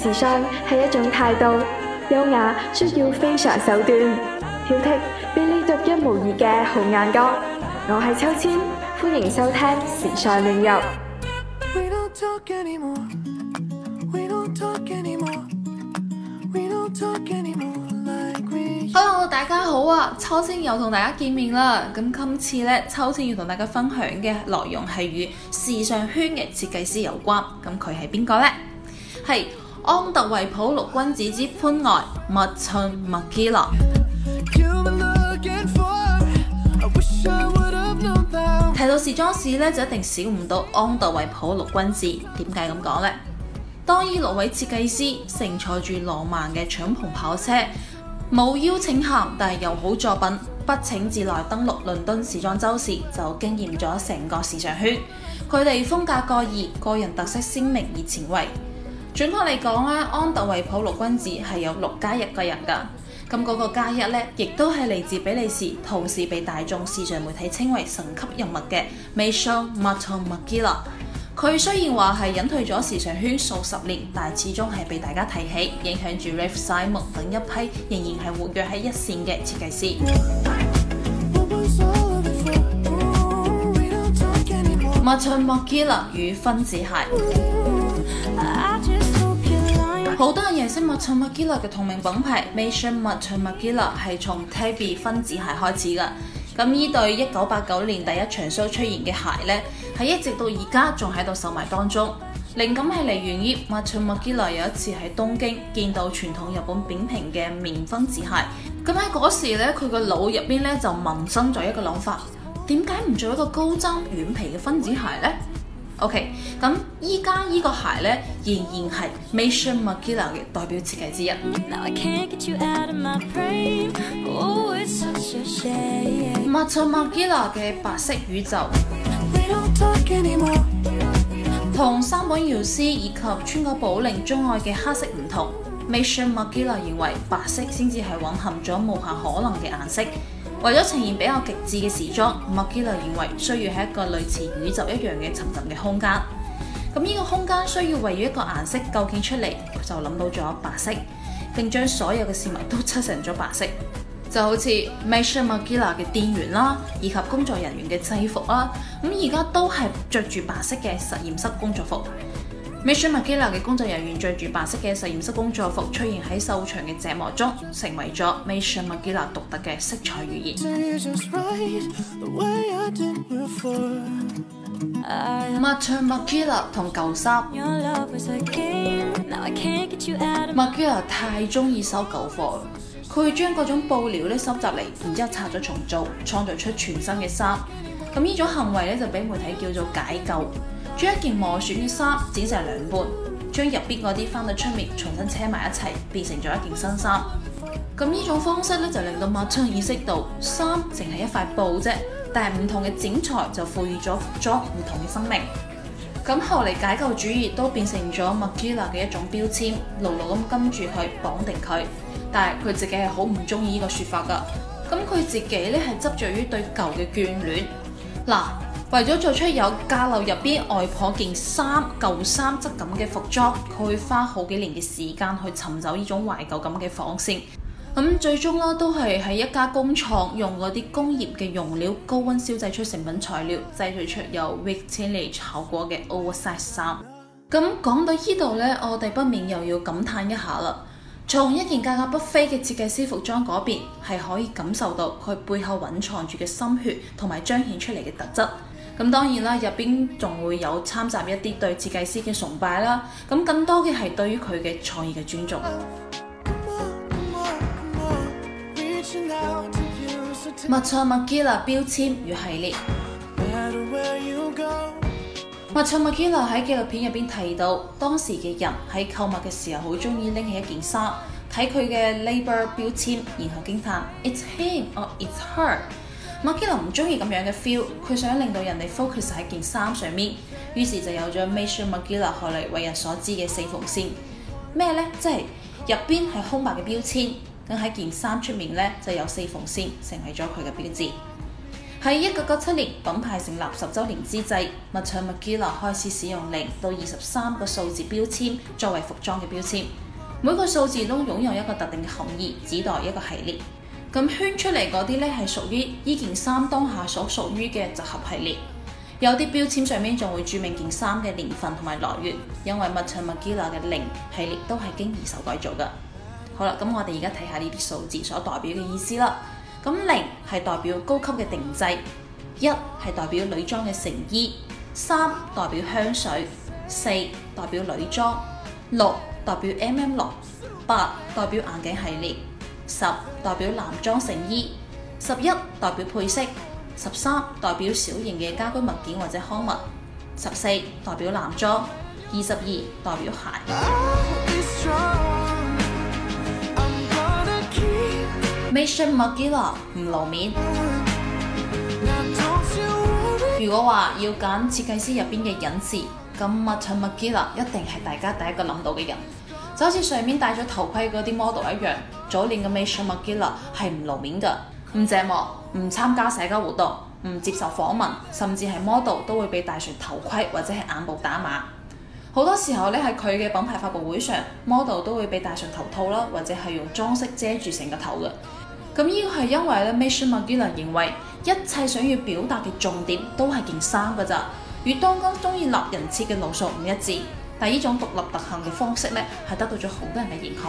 時尚係一種態度，優雅需要非常手段，挑剔，俾你獨一無二嘅好眼光。我係秋千，歡迎收聽時尚亂遊。秋千又同大家見面啦，咁今次咧，秋千要同大家分享嘅內容係與時尚圈嘅設計師有關，咁佢係邊個呢？係安特衛普六君子之番外 Martin Margiela。提到時裝史咧，就一定少唔到安特衛普六君子，點解咁講呢？當依六位設計師乘坐住浪漫嘅敞篷跑車，冇邀請函，但係又好作品，不請自來登陸倫敦時裝周時，就驚豔咗成個時尚圈。佢哋風格各異，個人特色鮮明而前衛。準確嚟講咧，安特衛普六君子係有六加一個人噶，咁嗰個加一咧，亦都係嚟自比利時，同時被大眾時尚媒體稱為神級人物嘅 Maison Martin Margiela。佢雖然話係隱退咗時尚圈數十年，但係始終係被大家提起，影響住 Raf Simons 等一批仍然係活躍喺一線嘅設計師。Martin Margiela 與分趾鞋，好多人認識 Martin Margiela 嘅同名品牌 Maison Martin Margiela 係從 Tabi 分趾鞋開始噶。咁呢對一九八九年第一場 show 出現嘅鞋呢，係一直到而家仲喺度售賣當中。靈感係嚟源於 Martin Margiela 有一次喺東京見到傳統日本扁平嘅棉分趾鞋，咁喺嗰時呢，佢個腦入面呢就萌生咗一個諗法：點解唔做一個高踭軟皮嘅分趾鞋呢？OK，咁依家依個鞋咧，仍然係 Maison Margiela 嘅代表設計之一。Maison Margiela 嘅白色宇宙，同山本耀司以及川久保玲鍾愛嘅黑色唔同。Maison Margiela 認為白色先至係蘊含咗無限可能嘅顏色。為咗呈現比較極致嘅時裝，Margiela 認為需要係一個類似宇宙一樣嘅沉浸嘅空間。咁、這、呢個空間需要圍繞一個顏色構建出嚟，就諗到咗白色，並將所有嘅事物都漆成咗白色，就好似 Maison Margiela 嘅店員啦，以及工作人員嘅制服啦。咁而家都係着住白色嘅實驗室工作服。Maison Margiela 嘅工作人員着住白色嘅實驗室工作服，出現喺秀場嘅謝幕中，成為咗 Maison Margiela 獨特嘅色彩語言。Martin Margiela 同舊衫，Margiela 太中意收舊貨，佢會將各種布料咧收集嚟，然之後拆咗重做，創造出全新嘅衫。咁呢種行為咧就俾媒體叫做解救。將一件磨損嘅衫剪成兩半，將入邊嗰啲翻到出面，重新車埋一齊，變成咗一件新衫。咁呢種方式咧就令到 Martin 意識到，衫淨係一塊布啫，但係唔同嘅剪裁就賦予咗服裝唔同嘅生命。咁後嚟解構主義都變成咗 Margiela 嘅一種標籤，牢牢咁跟住佢綁定佢，但係佢自己係好唔中意呢個説法噶。咁佢自己咧係執着於對舊嘅眷戀嗱。為咗做出有家樓入邊外婆件衫舊衫質感嘅服裝，佢會花好幾年嘅時間去尋找呢種懷舊感嘅仿線。咁、嗯、最終啦、啊，都係喺一家工廠用嗰啲工業嘅用料，高溫燒製出成品材料，製造出有 vintage 效果嘅 oversize 衫。咁、嗯、講到呢度呢，我哋不免又要感嘆一下啦。從一件價格不菲嘅設計師服裝嗰邊，係可以感受到佢背後隱藏住嘅心血同埋彰顯出嚟嘅特質。咁當然啦，入邊仲會有參雜一啲對設計師嘅崇拜啦，咁更多嘅係對於佢嘅創意嘅尊重。Maison Margiela 標籤與系列。Maison Margiela 喺紀錄片入邊提到，當時嘅人喺購物嘅時候好中意拎起一件衫，睇佢嘅 labour 標籤，然後驚歎：It's him or it's her。Margiela 唔中意咁樣嘅 feel，佢想令到人哋 focus 喺件衫上面，於是就有咗 Maison Margiela 後嚟為人所知嘅四縫線。咩呢？即係入邊係空白嘅標籤，咁喺件衫出面呢就有四縫線，成為咗佢嘅標誌。喺一九九七年品牌成立十週年之際，Maison Margiela 開始使用零到二十三個數字標籤作為服裝嘅標籤，每個數字都擁有一個特定嘅含義，指代一個系列。咁圈出嚟嗰啲咧，係屬於呢件衫當下所屬於嘅集合系列。有啲標籤上面仲會注明件衫嘅年份同埋來源，因為 Martin Margiela 嘅零系列都係經二手改造噶。好啦，咁我哋而家睇下呢啲數字所代表嘅意思啦。咁零係代表高級嘅定製，一係代表女裝嘅成衣，三代表香水，四代表女裝，六代表 M M 六，八代表眼鏡系列。十代表男裝成衣，十一代表配飾，十三代表小型嘅家居物件或者刊物，十四代表男裝，二十二代表鞋。Martin Margiela 唔露面。如果話要揀設計師入邊嘅隱士，咁 Martin Margiela 一定係大家第一個諗到嘅人，就好似上面戴咗頭盔嗰啲 model 一樣。早年嘅 Martin Margiela 係唔露面噶，唔謝幕，唔參加社交活動，唔接受訪問，甚至係 model 都會被戴上頭盔或者係眼部打碼。好多時候咧，喺佢嘅品牌發布會上，model 都會被戴上頭套啦，或者係用裝飾遮住成個頭嘅。咁呢個係因為咧，Martin Margiela 認為一切想要表達嘅重點都係件衫嘅咋，與當今中意立人設嘅路數唔一致。但係呢種獨立特行嘅方式咧，係得到咗好多人嘅認可。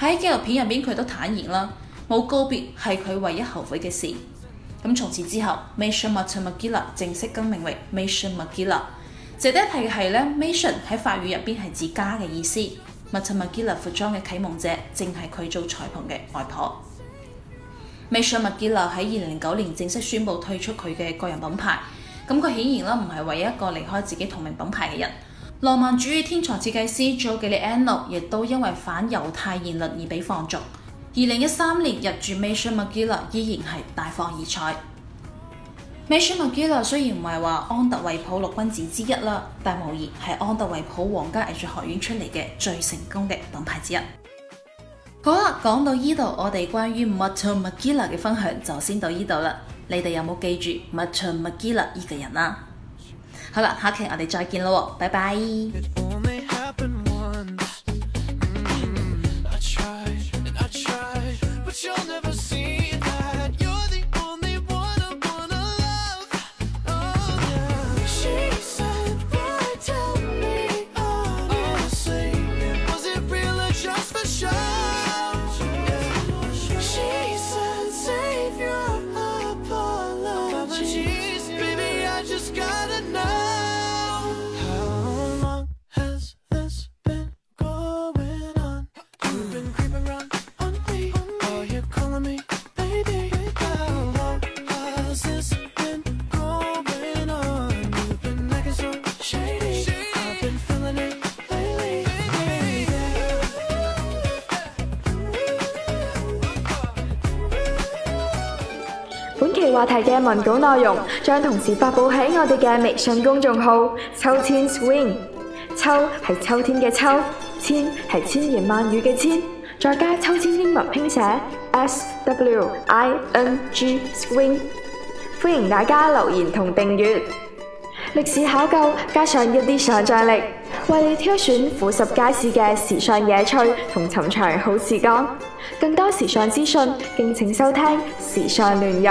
喺紀錄片入邊，佢都坦言啦，冇告別係佢唯一後悔嘅事。咁從此之後，Maison Martin Margiela 正式更名為 Maison Margiela。值得一提嘅係咧，Maison 喺法語入邊係指家嘅意思。Martin Margiela 服裝嘅啟蒙者，正係佢做裁縫嘅外婆。Maison Margiela 喺二零零九年正式宣布退出佢嘅個人品牌。咁佢顯然啦，唔係唯一一個離開自己同名品牌嘅人。浪漫主義天才設計師祖基 n 安諾亦都因為反猶太言論而被放逐。二零一三年入住美巡麥 l a 依然是大放異彩。Michel m 美巡麥 l a 雖然唔是話安特衛普六君子之一啦，但無疑是安特衛普皇家藝術學院出嚟嘅最成功嘅品牌之一。好啦，講到這度，我哋關於麥全麥 l a 嘅分享就先到這度了，你哋有冇有記住 Michel m 麥全麥 l a 這個人啊？好啦，下期我哋再見咯，拜拜。本期話題嘅文稿內容將同時發佈喺我哋嘅微信公眾號“秋千 swing”。秋係秋天嘅秋，千係千言萬語嘅千，再加秋千英文拼寫 S W I N G swing。歡迎大家留言同訂閱。歷史考究加上一啲想象力。為你挑選俯拾皆是嘅時尚野趣同尋常好時光，更多時尚資訊，敬請收聽《時尚亂入》。